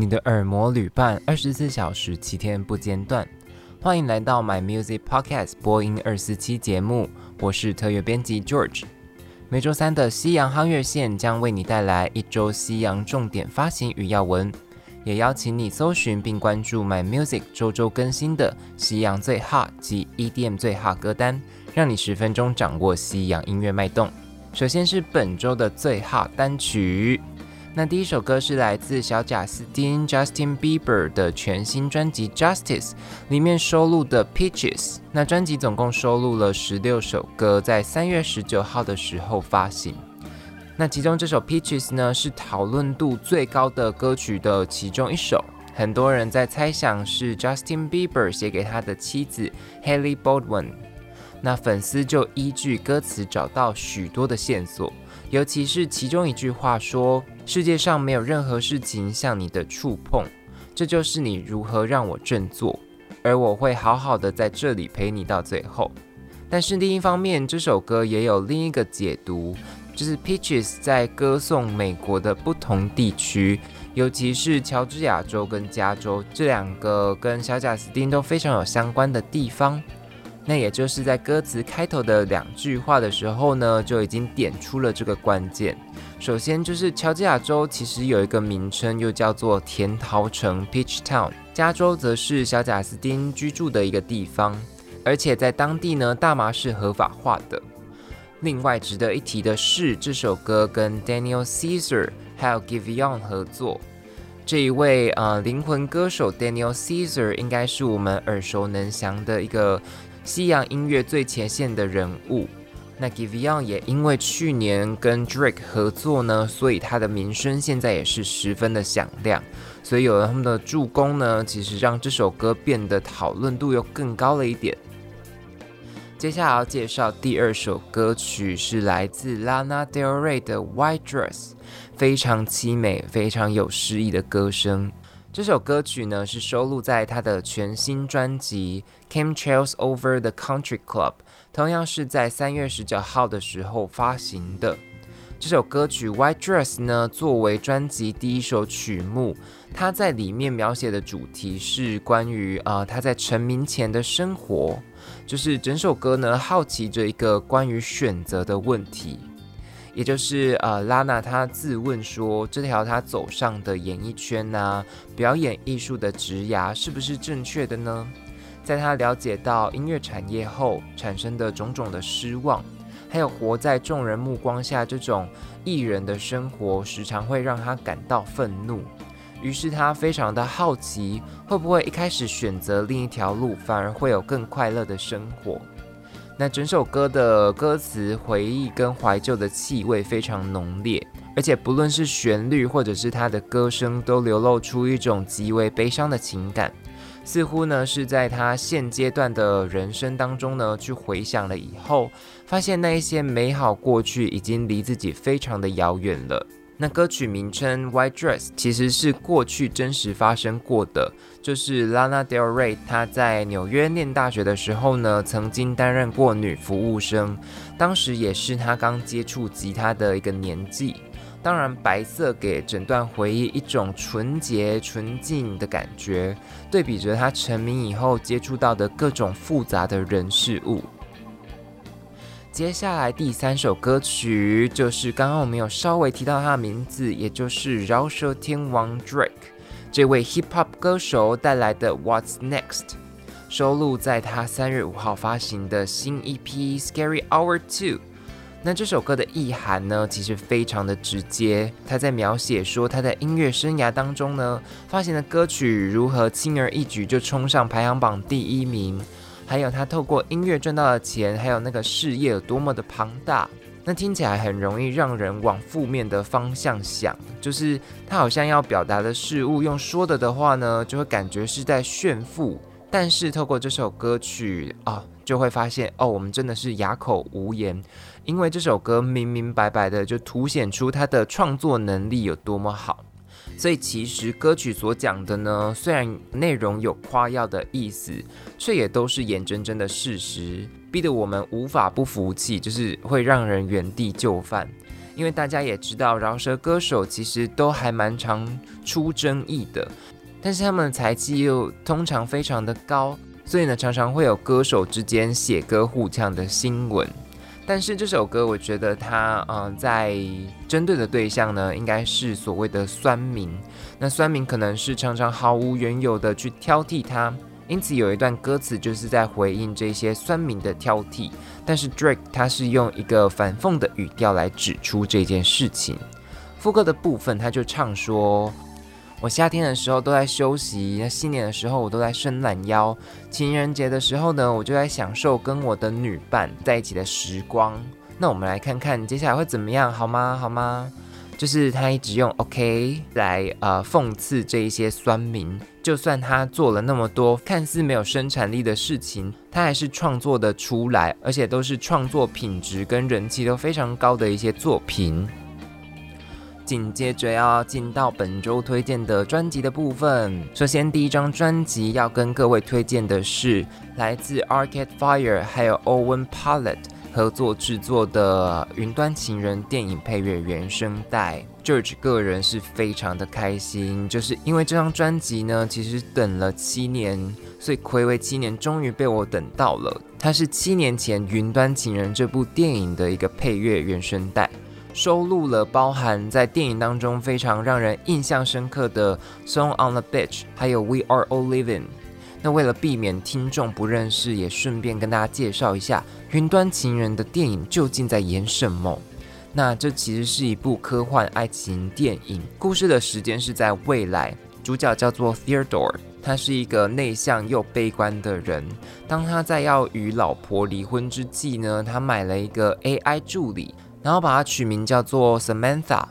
你的耳膜旅伴，二十四小時七天不間斷。歡迎來到 My Music Podcast 播音二四七節目，我是特約編輯 George。每週三的西洋夯樂線將為你帶來一周西洋重點發行與要聞，也邀請你搜尋並關注 My Music 周周更新的西洋最 hot 及 EDM 最 hot 歌單，讓你十分鐘掌握西洋音樂脈動。首先是本周的最 hot 單曲。那第一首歌是來自小賈斯汀 （Justin Bieber） 的全新專輯《Justice》裡面收錄的《Peaches》。那專輯總共收錄了十六首歌，在三月十九號的時候發行。那其中這首《Peaches》呢，是討論度最高的歌曲的其中一首，很多人在猜想是 Justin Bieber 寫給他的妻子 Haley Baldwin。那粉絲就依據歌詞找到許多的線索。尤其是其中一句話說：“世界上沒有任何事情像你的觸碰，這就是你如何讓我振作，而我會好好的在這裡陪你到最後。”但是另一方面，這首歌也有另一個解讀，就是 Peaches 在歌頌美國的不同地區，尤其是喬治亞州跟加州這兩個跟小賈斯汀都非常有相關的地方。那也就是在歌詞開頭的兩句話的時候呢，就已經點出了這個關鍵。首先就是喬治亞州其實有一個名稱，又叫做甜桃城 （Peach Town）。加州則是小賈斯汀居住的一個地方，而且在當地呢，大麻是合法化的。另外值得一提的是，這首歌跟 Daniel Caesar 還有 Giveon 合作。這一位呃靈魂歌手 Daniel Caesar 應該是我們耳熟能詳的一個西洋音樂最前線的人物，那 Giveon 也因為去年跟 Drake 合作呢，所以他的名聲現在也是十分的響亮。所以有了他們的助攻呢，其實讓這首歌變得討論度又更高了一點。接下來要介紹第二首歌曲，是來自 Lana Del Rey 的《White Dress》，非常淒美、非常有詩意的歌聲。這首歌曲呢，是收錄在他的全新專輯《Chemtrails Over the Country Club》，同樣是在三月十九號的時候發行的。這首歌曲《White Dress》呢，作為專輯第一首曲目，它在裡面描寫的主題是關於啊、呃、他在成名前的生活，就是整首歌呢，好奇着一個關於選擇的問題。也就是呃，拉娜她自問說，這條她走上的演藝圈吶、啊，表演藝術的職涯是不是正確的呢？在她了解到音樂產業後產生的種種的失望，還有活在眾人目光下這種藝人的生活，時常會讓她感到憤怒。於是她非常的好奇，會不會一開始選擇另一條路，反而會有更快樂的生活？那整首歌的歌詞回憶跟懷舊的氣味非常濃烈，而且不論是旋律或者是他的歌聲，都流露出一種極為悲傷的情感。似乎呢是在他現階段的人生當中呢，去回想了以後，發現那一些美好過去已經離自己非常的遙遠了。那歌曲名稱《White Dress》其實是過去真實發生過的，就是 Lana Del Rey 她在紐約唸大學的時候呢，曾經擔任過女服務生，當時也是她剛接觸吉他的一個年紀。當然，白色給整段回憶一種純潔、純淨的感覺，對比着她成名以後接觸到的各種複雜的人事物。接下來第三首歌曲就是剛剛我們有稍微提到他的名字，也就是饒舌天王 Drake 這位 Hip Hop 歌手帶來的 What's Next，收錄在他三月五號發行的新 EP Scary Hour Two。那這首歌的意涵呢，其實非常的直接，他在描寫說他在音樂生涯當中呢，發行的歌曲如何輕而易舉就衝上排行榜第一名。還有他透過音樂賺到的錢，還有那個事業有多麼的龐大，那聽起來很容易讓人往負面的方向想，就是他好像要表達的事物，用說的的話呢，就會感覺是在炫富。但是透過這首歌曲啊，哦，就會發現哦，我們真的是啞口無言，因為這首歌明明白白的就凸顯出他的創作能力有多麼好。所以其實歌曲所講的呢，雖然內容有誇耀的意思，卻也都是眼睜睜的事實，逼得我們無法不服氣，就是會讓人原地就範。因為大家也知道，饒舌歌手其實都還蠻常出爭議的，但是他們的才氣又通常非常的高，所以呢，常常會有歌手之間寫歌互嗆的新聞。但是這首歌，我覺得它，嗯、呃，在針對的對象呢，應該是所謂的酸民。那酸民可能是常常毫無緣由的去挑剔它，因此有一段歌詞就是在回應這些酸民的挑剔。但是 Drake 他是用一個反諷的語調來指出這件事情。副歌的部分，他就唱說。我夏天的時候都在休息，那新年的時候我都在伸懶腰，情人節的時候呢，我就在享受跟我的女伴在一起的時光。那我們來看看接下來會怎麼樣，好嗎？好嗎？就是他一直用 OK 來呃諷刺這一些酸民，就算他做了那麼多看似沒有生產力的事情，他還是創作得出來，而且都是創作品質跟人氣都非常高的一些作品。緊接着要進到本週推薦的專輯的部分。首先，第一張專輯要跟各位推薦的是來自 Arcade Fire 還有 Owen Pallett 合作制作的《雲端情人》電影配樂原聲帶。George 個人是非常的開心，就是因為這張專輯呢，其實等了七年，所以睽違七年，終於被我等到了。它是七年前《雲端情人》這部電影的一個配樂原聲帶。收錄了包含在電影當中非常讓人印象深刻的《Song on the Beach》，還有《We Are All Living》。那為了避免聽眾不認識，也順便跟大家介紹一下《雲端情人》的電影究竟在演什麼。那這其實是一部科幻愛情電影，故事的時間是在未來。主角叫做 Theodore，他是一個內向又悲觀的人。當他在要與老婆離婚之際呢，他買了一個 AI 助理。然後把它取名叫做 Samantha。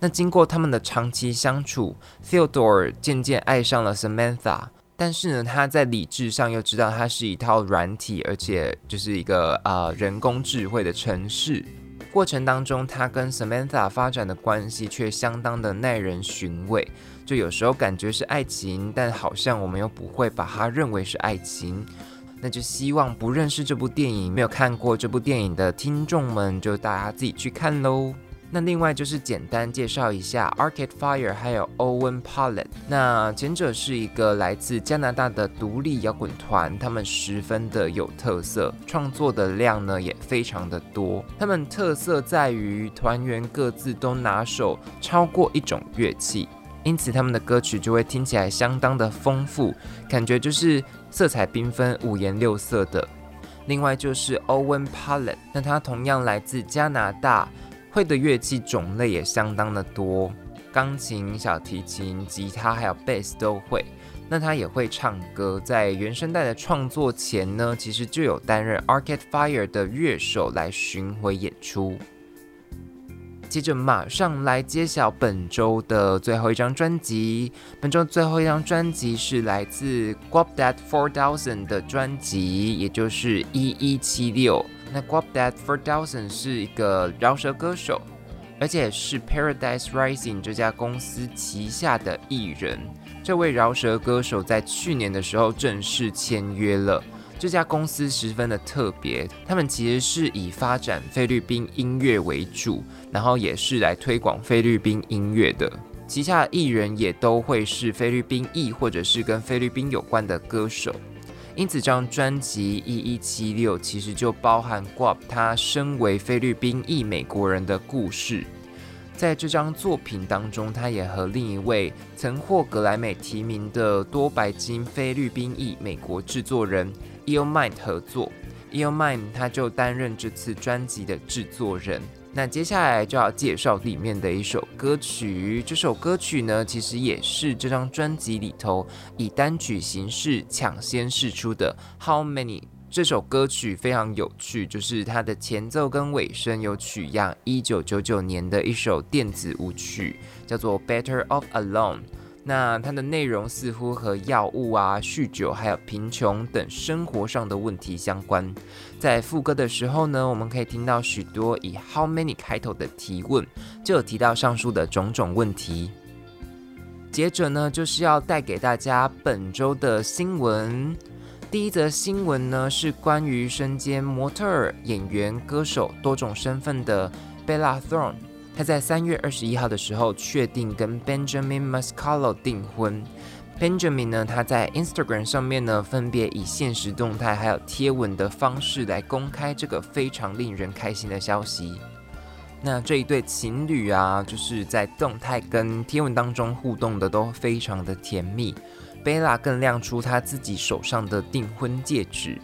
那經過他們的長期相處，Theodore 漸漸愛上了 Samantha。但是呢，他在理智上又知道它是一套軟體，而且就是一個呃人工智慧的城市。過程當中，他跟 Samantha 發展的關係卻相當的耐人尋味。就有時候感覺是愛情，但好像我們又不會把它認為是愛情。那就希望不認識這部電影、沒有看過這部電影的聽眾們，就大家自己去看嘍。那另外就是簡單介紹一下 Arcade Fire 還有 Owen Pallett。那前者是一個來自加拿大的獨立搖滾團，他們十分的有特色，創作的量呢也非常的多。他們特色在於團員各自都拿手超過一種樂器，因此他們的歌曲就會聽起來相當的豐富，感覺就是。色彩繽紛、五顏六色的。另外就是 Owen Pallett，那他同樣來自加拿大，會的樂器種類也相當的多，鋼琴、小提琴、吉他還有 bass 都會。那他也會唱歌，在原聲帶的創作前呢，其實就有擔任 Arcade Fire 的樂手來巡迴演出。接着馬上來揭曉本周的最後一張專輯。本周最後一張專輯是來自 Guapdad 4000的專輯，也就是1176。那 Guapdad 4000是一個饒舌歌手，而且是 Paradise Rising 這家公司旗下的藝人。這位饒舌歌手在去年的時候正式簽約了。這家公司十分的特別，他們其實是以發展菲律賓音樂為主，然後也是來推廣菲律賓音樂的。旗下藝人也都會是菲律賓裔或者是跟菲律賓有關的歌手，因此這張專輯一一七六其實就包含 Guapdad 他身為菲律賓裔美國人的故事。在這張作品當中，他也和另一位曾獲格萊美提名的多白金菲律賓裔美國製作人。Illmind 合作，Illmind 他就擔任這次專輯的制作人。那接下來就要介紹裡面的一首歌曲，這首歌曲呢，其實也是這張專輯裡頭以單曲形式搶先釋出的。How many？這首歌曲非常有趣，就是它的前奏跟尾聲有取樣一九九九年的一首電子舞曲，叫做 Better Off Alone。那它的內容似乎和藥物啊、酗酒、還有貧窮等生活上的問題相關。在副歌的時候呢，我們可以聽到許多以 “How many” 開頭的提問，就有提到上述的種種問題。接着呢，就是要帶給大家本周的新聞。第一則新聞呢，是關於身兼模特兒、演員、歌手多種身份的 Bella Thorne。他在三月二十一號的時候確定跟 Benjamin Mascolo 訂婚。Benjamin 呢，他在 Instagram 上面呢，分別以限時動態還有貼文的方式來公開這個非常令人開心的消息。那這一對情侶啊，就是在動態跟貼文當中互動的都非常的甜蜜。Bella 更亮出她自己手上的訂婚戒指。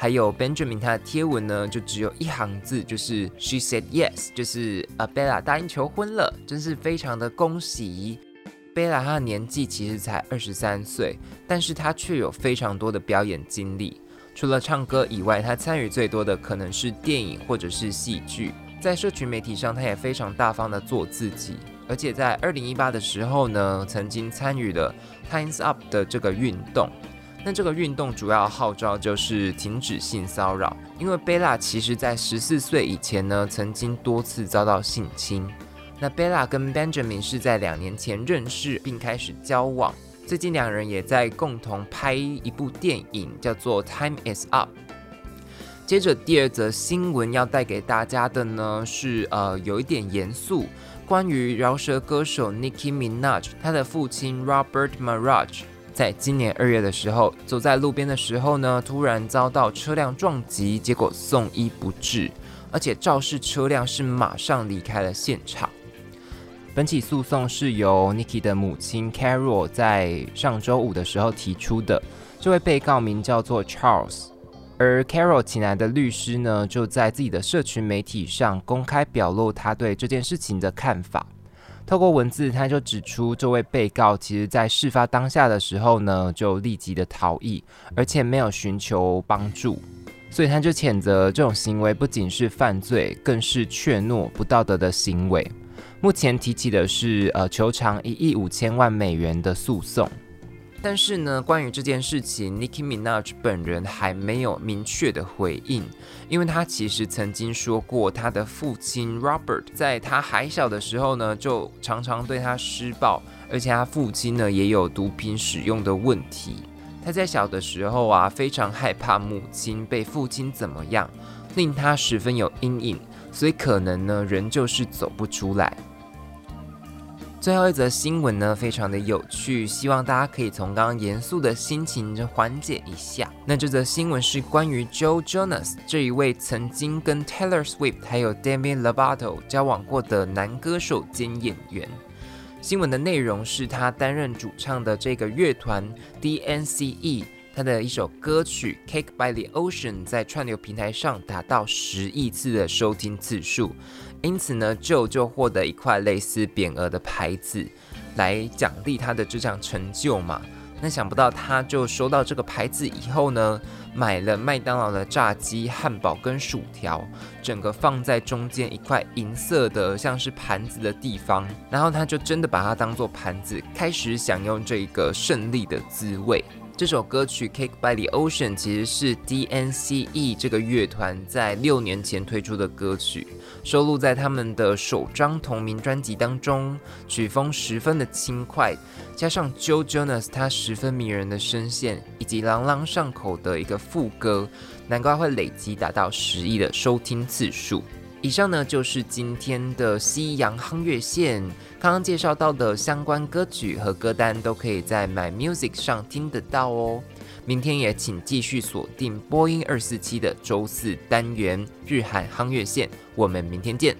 還有 Benjamin，他的貼文呢，就只有一行字，就是 She said yes，就是 Abella 答應求婚了，真是非常的恭喜。Bella 她的年紀其實才二十三歲，但是她卻有非常多的表演經歷。除了唱歌以外，她參與最多的可能是電影或者是戲劇。在社群媒體上，她也非常大方的做自己，而且在二零一八的時候呢，曾經參與了 Times Up 的這個運動。那這個運動主要號召就是停止性騷擾，因為貝拉其實在十四歲以前呢，曾經多次遭到性侵。那貝拉跟 Benjamin 是在兩年前認識並開始交往，最近兩人也在共同拍一部電影，叫做《Time Is Up》。接着第二則新聞要帶給大家的呢是，呃，有一點嚴肅，關於饒舌歌手 Nicki Minaj，他的父親 Robert Maraj。在今年二月的時候，走在路邊的時候呢，突然遭到車輛撞擊，結果送醫不治，而且肇事車輛是馬上離開了現場。本起訴訟是由 Nikki 的母親 Carol 在上周五的時候提出的。這位被告名叫做 Charles，而 Carol 請來的律師呢，就在自己的社群媒體上公開表露他對這件事情的看法。透過文字，他就指出，這位被告其實在事發當下的時候呢，就立即的逃逸，而且沒有尋求幫助，所以他就譴責這種行為不僅是犯罪，更是怯懦不道德的行為。目前提起的是呃，求償一億五千萬美元的訴訟。但是呢，關於這件事情，Nicki Minaj 本人還沒有明確的回應，因為他其實曾經說過，他的父親 Robert 在他還小的時候呢，就常常對他施暴，而且他父親呢也有毒品使用的問題。他在小的時候啊，非常害怕母親被父親怎麼樣，令他十分有陰影，所以可能呢，人就是走不出來。最後一則新聞呢，非常的有趣，希望大家可以從剛剛嚴肅的心情緩解一下。那這則新聞是關於 Joe Jonas 這一位曾經跟 Taylor Swift 還有 Demi Lovato 交往過的男歌手兼演員。新聞的內容是他擔任主唱的這個樂團 DNCE。他的一首歌曲《Cake by the Ocean》在串流平台上達到十億次的收聽次數，因此呢，Joe 就獲得一塊類似匾額的牌子，來獎勵他的這項成就嘛。那想不到，他就收到這個牌子以後呢，買了麥當勞的炸雞、漢堡跟薯條，整個放在中間一塊銀色的像是盤子的地方，然後他就真的把它當做盤子，開始享用這個勝利的滋味。這首歌曲《Cake by the Ocean》其實是 DNCE 這個樂團在六年前推出的歌曲，收錄在他們的首張同名專輯當中。曲風十分的輕快，加上 Joe Jonas 他十分迷人的聲線，以及朗朗上口的一個副歌，難怪會累積達到十億的收聽次數。以上呢就是今天的西洋夯樂線，剛剛介紹到的相關歌曲和歌單都可以在 My Music 上聽得到哦。明天也請繼續鎖定播音二四七的周四單元《日韓夯樂線》，我們明天見。